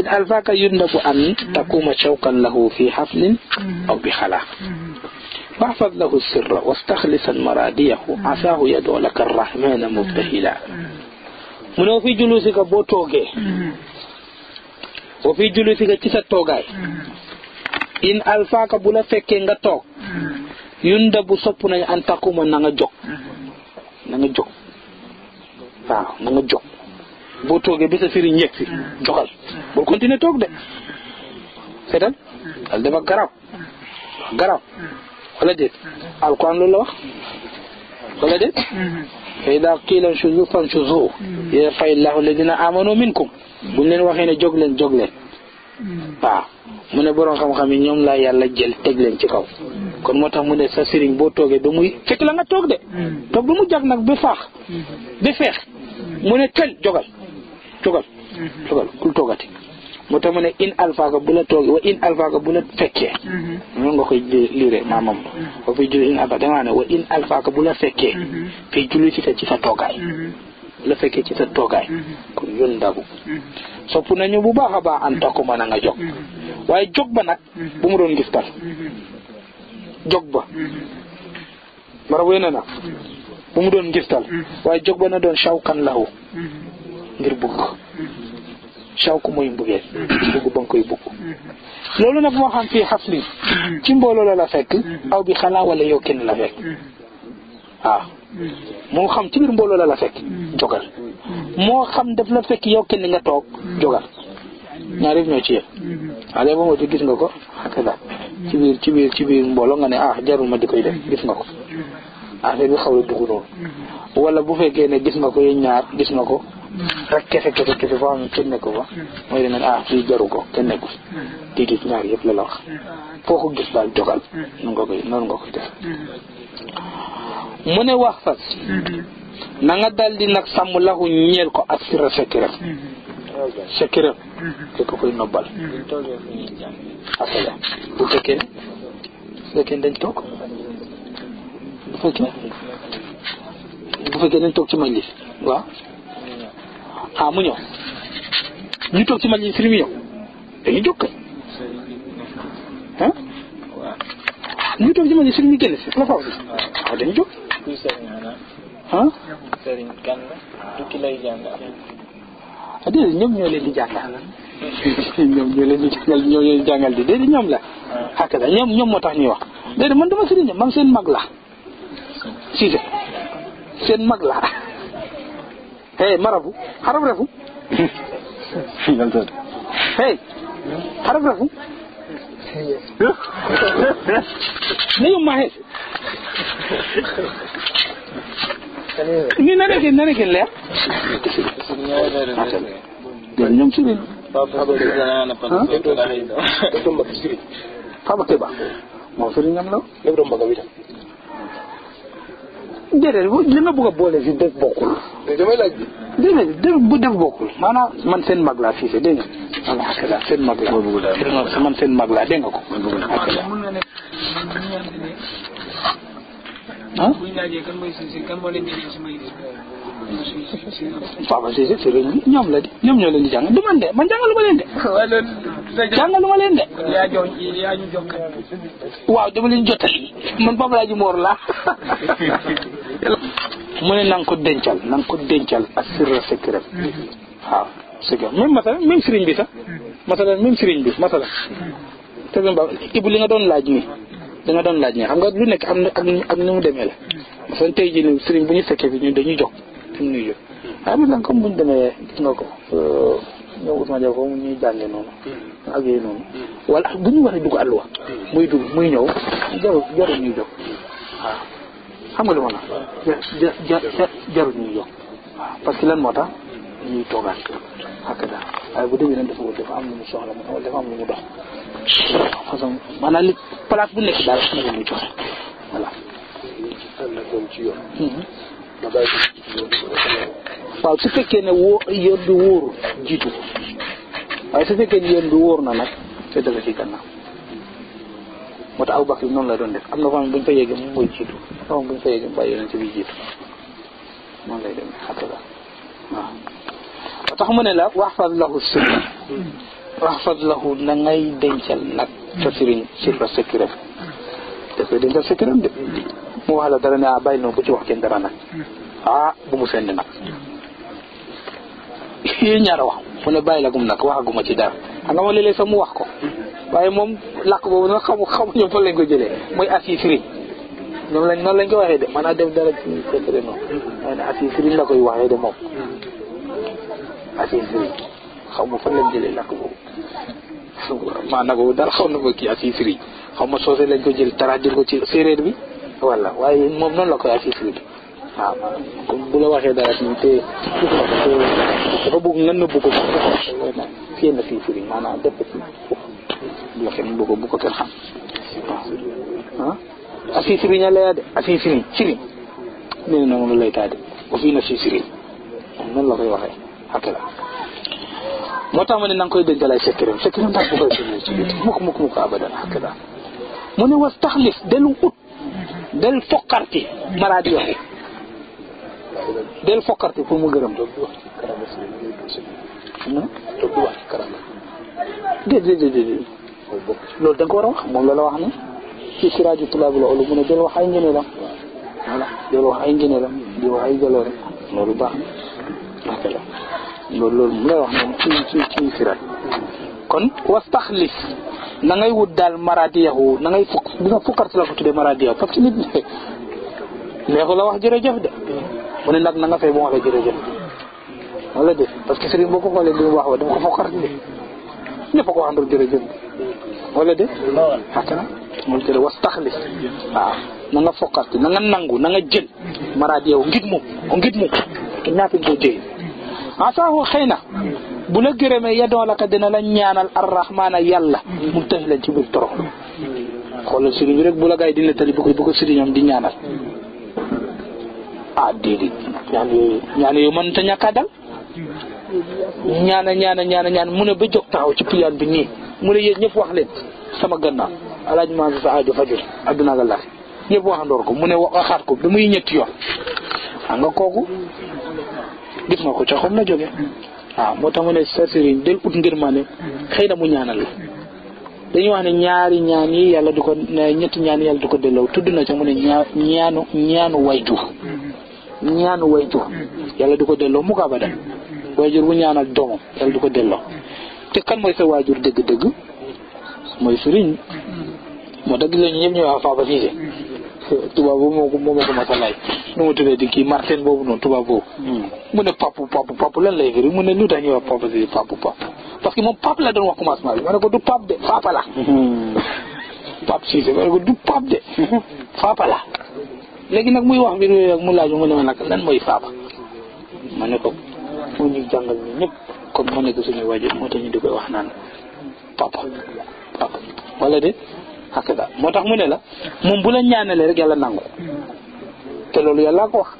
إذ ألفاك يندب أن تقوم شوقا له في حفل أو بخلا فاحفظ له السر واستخلصا مراديه عساه يدعو لك الرحمن مبتهلا من في جلوسك بو توغي وفي جلوسك تسا توغاي in alfaaka bu la fekkee nga toog yunda bu sopp nañ an takuma na nga jóg na nga jóg waaw na nga jóg boo toogee ba sa sëriñ yegg si joxal bul continuer toog de seetal al dafa garaaw garaaw wala déet alquran loolu la wax wala déet fa ida qiila nshuzuu fanshuzu yarfa dina alladina min minkum buñ leen waxee ne jóg leen jóg leen waaw mu ne borom xam-xam yi ñoom laa yàlla jël teg leen ci kaw kon moo tax mu ne sa sëriñ boo toogee ba muy fekk toog de toog ba mu jag nag ba faax ba feex mu ne tel jogal togal mhm. togal bul toogati moo tax mu ne in alfaaka bu la toogee wa in alfaaka bu la fekkee mhm. noonu nga koy liire maamam wa mhm. fi in alfaaka danga ne wa in alfaaka bu la fekkee fi julli ci ta ci sa toogaay bu fekkee ci sa toogaay kon yoon ndabu sopp nañu bu baax a baax an takku mën a nga jog waaye jog ba nag bu mu doon gis jog ba mara wéy nag bu mu doon gis waaye jog ba na doon shawkan lahu ngir bugg ko saw ko mooy mbugeel mm-hmm. bugg ba nga koy bugg loolu nag moo xam fii xas li mm-hmm. ci mbooloola la fekk mm-hmm. aw bi xanaa wala yow kenn la fekk waaw ah. moo xam ci biir mbooloo la la fekk jogal moo xam def la fekk yow kenn nga toog jogal ñaari ñoo ci yëpp waaye ko xakada ci biir ci biir mbooloo nga ne ah jarul ma di koy def gis nga ko affaire bi xaw la dugg noonu wala bu fekkee ne gis nga ko yéen ñaar gis nga ko rek kese kese kese foo xam ne kenn nekku fa hmm. mooy demeen fii ah, jaru ko kenn nekku di hmm. gis ñaar yëpp la la wax hmm. foo ko gis daal jogal nu nga koy noonu nga koy def mu ne wax fas na dal di nag sàmm laxu ñeel ko ak sira sekkiram sekkiram te ko koy nobbal asala bu fekkee ne bu dañ toog bu fekkee bu fekkee dañ toog ci majlis waaw ah mu ñëw ñu toog ci majlis li mu ñëw dañuy jóg kay ah ñu toog ci majlis li mu génn si la faw si waaw dañuy jóg ah ah déedéet ñoom ñoo leen di jàngal ñoom ñoo leen di jàngal ñoo leen di jàngal di déedéet ñoom la xakk ah. da ñoom ñoom moo tax ñuy wax déedéet man dama sëriñ man seen mag la Cissé seen mag la hey marabu xarab refu hey xarab refu ne yomma ni naneken naneken leya ñom sirin faba keɓa mo sirin ñam law leɓ ɗo mbaga witan déedéet li ma léegi damay laaj bu def bokkul maanaam man seen mag laa Cissé dégg nga. voilà akala seen mag laa. man man seen mag laa dégg nga ko. akala. ah. Papa Cissé sëriñ ñoom la di ñoom ñoo leen di jàngal du man de man jàngalu ma leen de. jàngalu ma leen de. yaa jox yaa ñu jox leen man Papa Laaji Moor laa. mu ne na nga ko dencal na nga ko dencal ak sirra secret waaw secret même masalan même sëriñ bi sax masalan même sëriñ bi masalan te ba li nga doon laaj nii li doon laaj nii xam nga nekk am na ak ni mu demee la masalan tey jii nii sëriñ bu ñu fekkee fi ñun dañuy jog fi mu ñuy jóg waaw mais nag comme bu ñu demee gis nga ko euh, ñoom Ousmane Diaw foofu ñuy jàngee noonu ak yooyu noonu wala bu ñu waree dugg àlluwa muy dugg muy ñëw jarul jarul ñuy jóg xam nga li ma la jarul ñuy yokk waaw parce que lan moo tax ñuy toogaat waaye bu demee leen dafa wut dafa am lu mu soxla mu wala am lu mu dox façon maanaam bu nekk daal na ko muy ci waaw su fekkee ne wo yoon bi wóorul jiitu ko waaye su fekkee ne yoon bi wóor na nag te dafa ci gannaaw moo tax Abubakar noonu la doon def am na foo xam ne bu ñu fa yéegee fa yéegee mu bàyyi yonent bi lay demee xatta la waaw tax mu ne la waxfad lahu sirra waxfad lahu na ngay dencal nag sa sëriñ sirra secret daf de mu wax la dara ne ah bàyyi noonu bu ci wax kenn dara nag ah bu mu senni nag yéen ñaar wax mu ne bàyyi la gum nag waxaguma ci dara xam nga ma léeg sax mu wax ko waaye moom làkk boobu nag xamu xamuñu fan lañ ko jëlee mooy assisiri ñoom lañ noonu lañ ko waxee de maanaam def dara ci secret noonu mooy la koy waxee de moom assisiri xaw ma fan lañ jëlee làkk boobu maanaam boobu daal xaw na ko kii assisiri xaw ma soose lañ ko jël traduire ko ci séeréer bi walla waaye moom noonu la koy assisiri waaw comme bu la waxee dara ñun te dafa bëgg nga nëbb ko fii na fii firi maanaam def ci loo xam ne bu ko kenn xam waaw a fi siriñ a laya de a fi siriñ siriñ nee na la koy waxee xakkala moo tax ma ne na nga koy dénkalay sekkiram sekkiram daal bu koy siriñ ci biir mukk mukk mukk abadan xakkala mu ne was taxlif delu ut del fokkarti maraadi del fokkarti pour mu gërëm hmm? déedéet déedéet loolu da nga war a wax moom la la wax ne ci siraaju tulaabu la olu mu ne del wax ay ngëneelam voilà wax ay ngëneelam di wax ay jaloore baax na wax la lay wax moom ci ci kon wastaxlif na ngay wut daal maradiyahu na ngay bi nga fukkar si la ko tuddee maradiyahu parce de mu parce que sëriñ boo ko xoolee li mu wax wa ko fukkar de ñëpp a ko waxandoo jërëjëf de wala de xàq na moom te de was taxlis waaw na nga foqarti na nga nangu na jël maraat yow ngir mu ngir mu i naafin koo xëy na bu la gërëmee yadoo la ka dina la ñaanal arrahmaana yàlla mu tax leen ci biir toroxlu xoolal sëriñ bi rek bu la gars yi di nettali bu ko bu di ñaanal ah déedéet ñaan yooyu ñaan yooyu mën ta ñàkkaa dal ñaana ñaana ñaana ñaan mu ne ba jóg taxaw ci piliane bi nii mu ne yéen ñëpp wax leen sama gannaaw alaaj maa sa aajo fajul adduna ak laaxira ko mu ne waxaat ko ba muy ñetti yoon xam nga kooku gis nga ko ca xom la jóge waaw moo tax mu ne sa sëriñ del ut ngir xëy na mu ñaanal dañuy wax ne ñaari ñaan yi yàlla du ko ñetti ñaan yi du ko delloo tudd na ca mu ñaanu ñaanu wayjur ñaanu wayjur yàlla du ko delloo mu abada waajur bu ñaanal doomam yàlla du ko delloo te kan mooy sa waajur dëgg-dëgg mooy sëriñ moo dëgg la ñu ñëpp ñooy wax Faaba Cissé tubaab boobu moo ko moo a laaj nu kii Martin boobu noonu tubaab boobu mu ne papp papp papp lan lay firi mu ne lu tax ñuy wax Faaba Cissé papp papp parce la wax commencement bi ma ko du papp de faapa la papp Cissé ma léegi nag muy wax mbir yooyu ak mu laaj mu ne ma nag lan mooy faapa ma ne ko moo ñuy jàngal ñu ñëpp comme mu nekk suñu waajur moo tax ñu di koy wax naan papa papa wala de hakada moo tax mu ne la moom bu la ñaanalee rek yàlla nangu te loolu yàllaa ko wax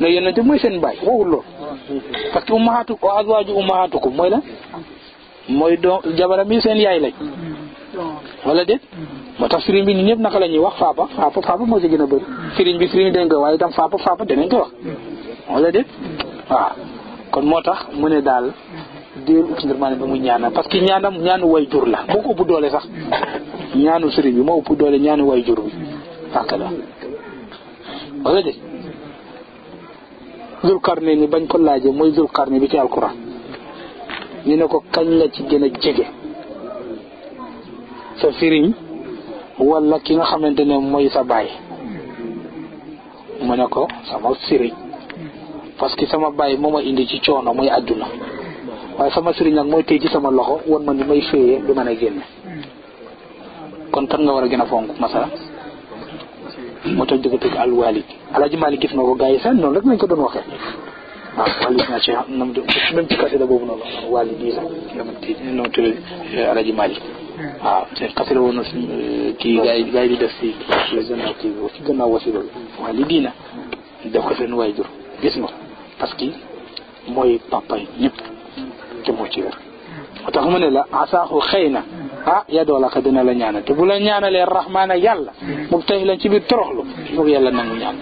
ne yonent mooy seen baay waxul loolu parce que ummahatu wa azwaaju ko mooy la mooy doo jabaram yi seen yaay lañ wala de moo tax firiñ bi ñun ñëpp naka la ñuy wax faapa faapa faapa moo si gën a bëri firiñ bi firiñ dañ koy waaye itam faapa faapa danañ koy wax wala déet waaw kon moo tax mu ne daal deel ut ndërmaane ba muy ñaanam parce que ñaanam ñaanu way jur la moo ko ëpp doole sax ñaanu sëriñ bi moo ëpp doole ñaanu way jur bi fàq la wala dé dul karne ni bañ ko laaj mooy dul karne bi ci alquran ñu ne ko kañ la ci gën a jege sa sëriñ wala ki nga xamante ne mooy sa baay mu ne ko sama sëriñ parce que sama bàyyi moo ma indi ci coono muy àdduna waaye sama sëriñ nag mooy tey ci sama loxo wan ma ni may féeyee bi mën a génn kon kan nga war a gën a fonk masala moo tax ko gars yi sax noonu di ko seen waajur gis nga parce que mooy papa ñëpp te moo ci wér tax mu ne la asaaxu xëy na ah yaa dool aka dina la ñaana te bu la ñaanalee rahmaana yàlla moom tey lañ ci biir toroxlu moom yàlla nangu ñaan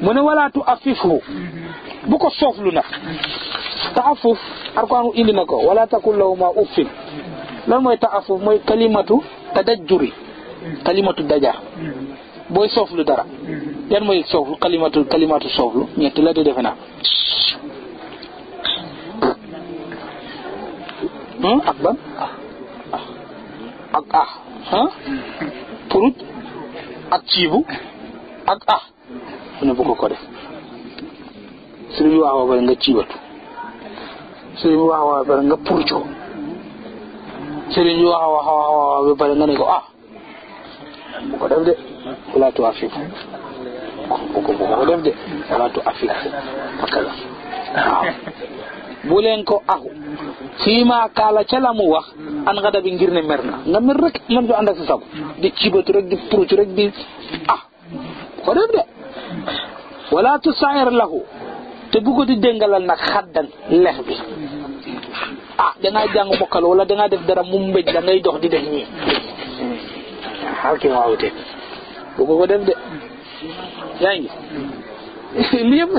mu ne walaatu afifu bu ko sooflu nag taafuf arkaanu indi na ko wala takul law ma uffin lan mooy taafuf mooy kalimatu tadajjuri kalimatu dajar booy sooflu dara yan mooy sooflu kalimatu kalimatu sooflu ñett la de defe naa hmm? ak ban ak ah purut ak ciibu ak ah mu ne bu ko def su lu wax waa nga ciibatu su lu wax waa nga purcoo su lu mu wax waa waa waa bare nga ne ko ah bu def de walla tuwaafiku bu ko bu ko def de salaatu affixé fakala bu leen axu fii kaala ca mu wax an nga dabi ngir ne mer na nga mer rek mer du ànd ak sa di cibatu rek di purucu rek di ah bu def de wala tu saayir lahu te bu di déngalal nag xaddan lex bi ah dangaa jàng mokkal wala dangaa def dara mu mbéj da ngay dox di def ñii xaal ki ma wute bu ko def de yaa ngi lii yëpp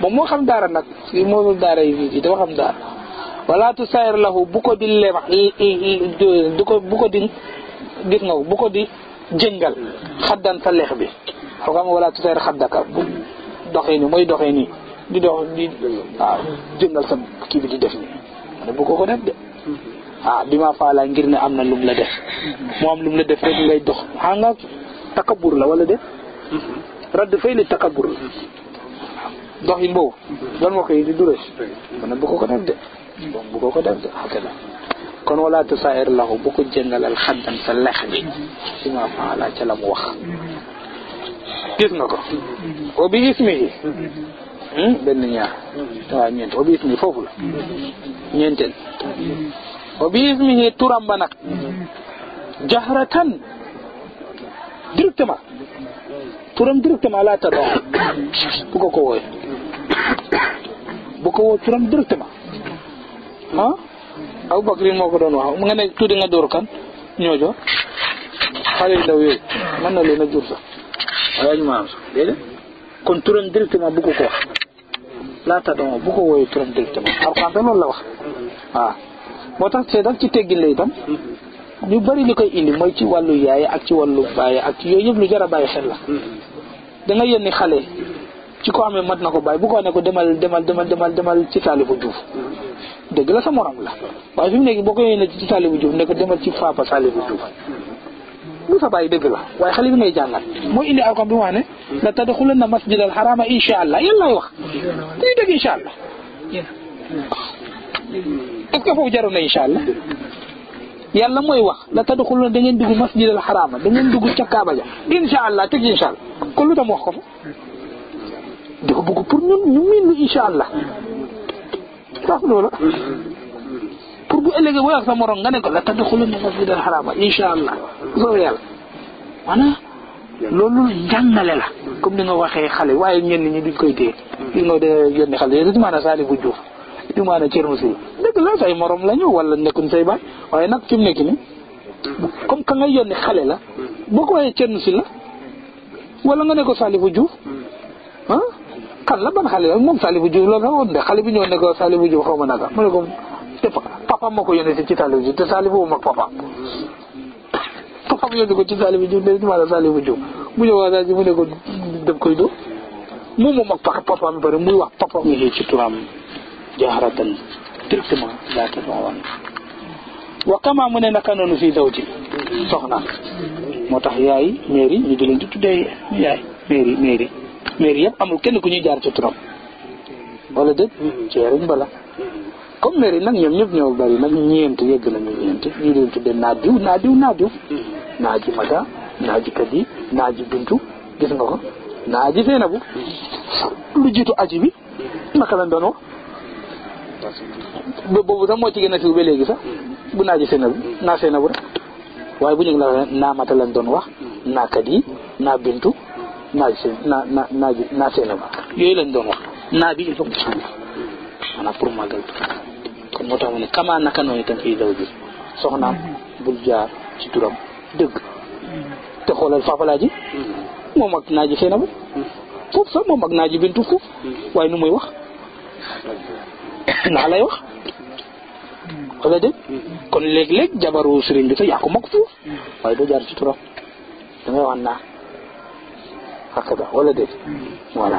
moom moo xam daara nag si moomul daara yi ci dafa xam daara wala tu sayir bu ko di lema du bu ko di gis nga bu ko di jëngal xaddan sa leex bi xaw nga wala tu sayir xaddaka bu doxee nii mooy doxee nii di dox di jëngal sa kii bi di def nii ne bu ko ko def de ah bi ma faalaa ngir ne am na lum la def moo am lum la def rek ngay dox xam nga takabur la walla def radd fay li takabur doxin boobu doon moo koy di duras mu ne bu ko def de bu ko ko def de xakka la kon wala tusaayir lahu bu ko jëngalal xaddan sa bi si ma faala ca la mu wax gis nga ko o bi ismi yi hmm? benn ñaar waaw ñeent o bi ismi foofu la ñeenteel o bi ismi yi ba nag jahratan directement turam directement laa tadoo bu ko ko wooy bu ko woo turam directement ah Abu Bakrin moo ko doon wax mu nga ne tuuti nga door kan ñoojo xale ndaw yooyu mën na leen a jur sax kon turam directement bu ko wax laa tadoo bu ko wooyee turam directement Alxuraan loolu la wax waaw moo tax see ci teggin la itam ñu bari li koy indi mooy ci wàllu yaay ak ci wàllu baay ak yooyu yëpp lu jar a bàyyi xel la da nga yenni xale ci ko amee mat na ko baay bu ko ne demal demal demal demal demal ci taalibu juuf dëgg la sa morom la waaye fi mu nekk boo ko yéene ci taalibu juuf ne ko demal ci faapa taalibu juuf lu sa bàyyi dëgg la waaye xale bi ngay jàngal mooy indi alkom bi mu wax ne la tadxulanna masjid al xaraama insha allah yàlla lay wax day dëgg insha allah est-ce yàlla mooy wax la tadxuluna da ngeen dugg masjid al xaraama da ngeen dugg ca Kaaba ja incha allah teg incha allah kon lu tam wax ko fa dafa pour ñun ñu miin lu incha allah sax loola pour bu ëllëgee booy wax sa nga ne ko la tadxuluna masjid al xaraama incha allah loolu yàlla comme ni nga waxee xale waaye ñenn ñi duñ koy téye. nga de yónni xale yéen it maanaam Salif bu Diouf imaana cër mu siiw dëgg la say morom lañu wala nekkuñ say baay waaye nag fi mu nekk nii comme ka nga yónni xale la boo ko waxee cër mu si la wala nga ne ko Salifou Diouf ah kan la ban xale la moom Salifou Diouf loolu xamoon de xale bi ñëw ne ko Salifou Diouf xaw ma naka mu ne ko te papa moo ko yónnee si ci Salifou Diouf te Salifou moom ak mu yónni ko ci Salifou Diouf de imaana mu ne ko dem koy dóor moom moom ak papa mi pare muy wax papa mi ci turam jaharatan directement laa te doon wa kama mu ne naka noonu fii zawji soxna moo tax yaay mairie ñu di leen di tuddee yaay mairie mairie mairie yëpp amul kenn ku ñuy jaar ci trop wala dëgg ci bala comme mairie nag ñoom ñëpp ñoo bari nag ñeent yegg nañu ñeent ñu leen tuddee naa naadiw naadiw naa mada naaji kadi naaji bintu gis nga ko naaji seenabu lu jiitu aji bi naka lañ doon boobu sax moo ci gën a siiw ba léegi sax bu naa ji seenabu naa seenabu rek waaye bu ñu ngi la naa lañ doon wax naa kat naa bintu naa seen naa naa yooyu lañ doon wax bi il faut mu moo tax mu ne kamaa naka noonu itam fii daw ji soxnaam bul jaar ci turam dëgg te xoolal faafalaa ji moom ak naa ji seenabu foofu sax moom ak naa ji bintu foofu waaye nu muy wax naa lay wax wala dégg kon léeg-léeg jabaru sëriñ bi sax yaa ko mag foofu waaye doo jaar ci turam da ngay wax naa hakaza wala dégg voilà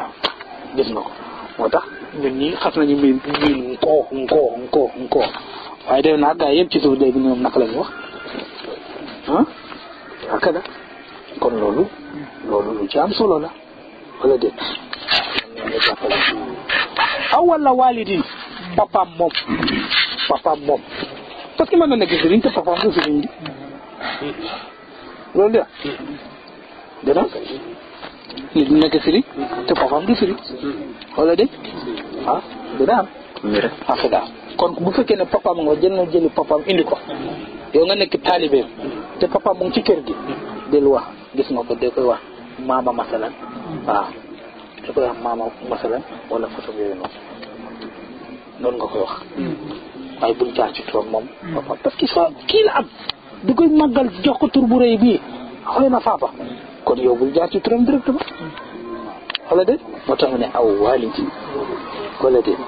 gis na ko moo tax ñun ñi xas nañu mbir mbir nkoo nkoo nkoo nkoo waaye def naa gaa yëpp ci suuf léegi ñoom naka la ñu wax ah kon loolu loolu lu ci am solo la wala dégg awwala papaam moom papaam moom parce que mën na nekk sëriñ te papaam du sëriñ bi loolu de dana nit ñu nekk sëriñ te papaam du sëriñ wala de ah, ah kon bu fekkee ne papaam nga jël na jëli papaam indi ko yow nga nekk taalibeem te papaam mu ci kër gi del wax gis nga ko de koy wax maama masalan waaw ah, da koy wax maama masalan wala façon yooyu noonu noonu nga koy wax hmm. waaye bul jaar ci turam moom boppam hmm. parce que soo kii la am di koy màggal jox ko tur bu rëy bii xooy na faaba kon yow bul jaar ci turam directement hmm. wala déet moo tax ne aw waalidi wala déet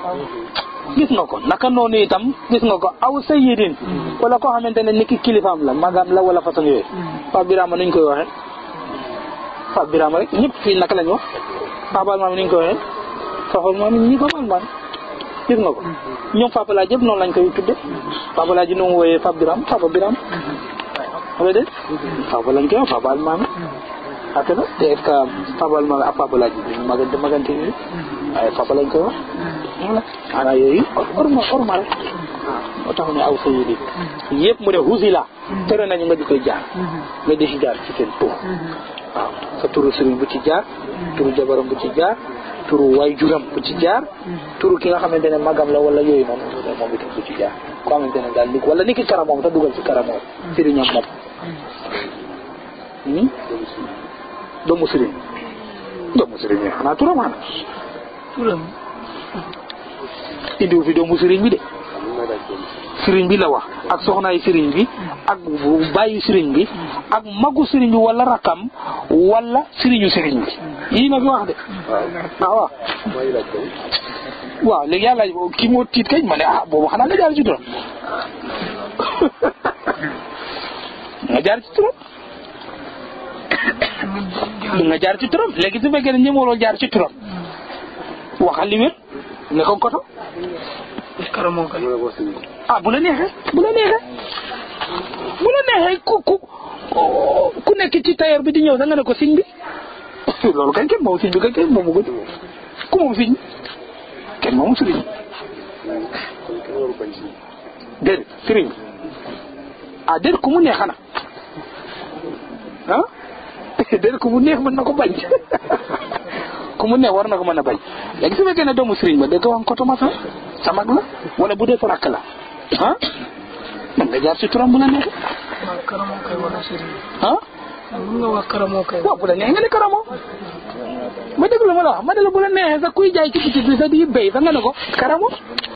gis nga ko naka noonu itam gis nga ko aw sa sayyidin wala koo xamante ne niki kilifaam la magaam la wala façon yooyu Pape Birama nuñ koy waxee Pape Birama rek ñëpp fii naka lañ wax Pape Almami nuñ koy waxee Pape Almami ñi ko Almami gis nga ko ñoom Fapal laaj yëpp noonu lañ koy tudde Fapal laaj yi ñu ngi wooyee Fap Biram Fapa Biram. wala déet Fapal lañ koy wax Fapal maanaam. ak la te est-ce que magante ni waaye Fapal koy wax. voilà yooyu orma orma rek. waaw moo tax ne aw sëy bi yëpp mu ne husila tere nañu nga di koy jaar. nga di ci seen tur. waaw sa turu sëriñ bu ci jaar. turu jabaram bu ci jaar. turu way juram ku ci jaar turu ki nga xamantene magam la wala yoy non mo ngi ku ci jaar ko xamantene dal lik wala niki karamom ta duggal ci karamom firi ñom mat ni do musiri do musiri ñi xana man nah, turu idu individu do musiri ñi de sëriñ bi la wax ak soxnaay sëriñ bi ak bàyyi sëriñ bi ak magu sëriñ bi wala rakam wala sëriñu sëriñ bi yii nag wax de waaw waaw waaw léegi yàlla kii moo tiit kañ ma ne ah boobu xanaa nga jaar ci turam nga jaar ci turam nga jaar ci turam léegi su fekkee jaar ci turam waxal li wér ne ko koto karo moo gën ah bu la neexee bu la neexee bu la neexee ku oh, ku nekk ci tailleur bi di ñëw da nga ne ko siñ bi loolu kay kenn moom ko ku moom siñ kenn moomu sëriñ ah, mu neex xanaa ah déet ku mu neex mën na ko bañ ku mu neex war na ko mën a bañ léegi su fekkee ne doomu ba dégg nga wax nga ko sa mag la wala bu dee sa rakk la ah man nga jaar si turam bu la neexee. Ah waaw karamoo kay wala sëriñ. bu la neexee nga ne karamoo. ma déglu ma la ma ne la bu la neexee sax kuy jaay ci bitik bi sax di béy sax nga ne ko karamoo.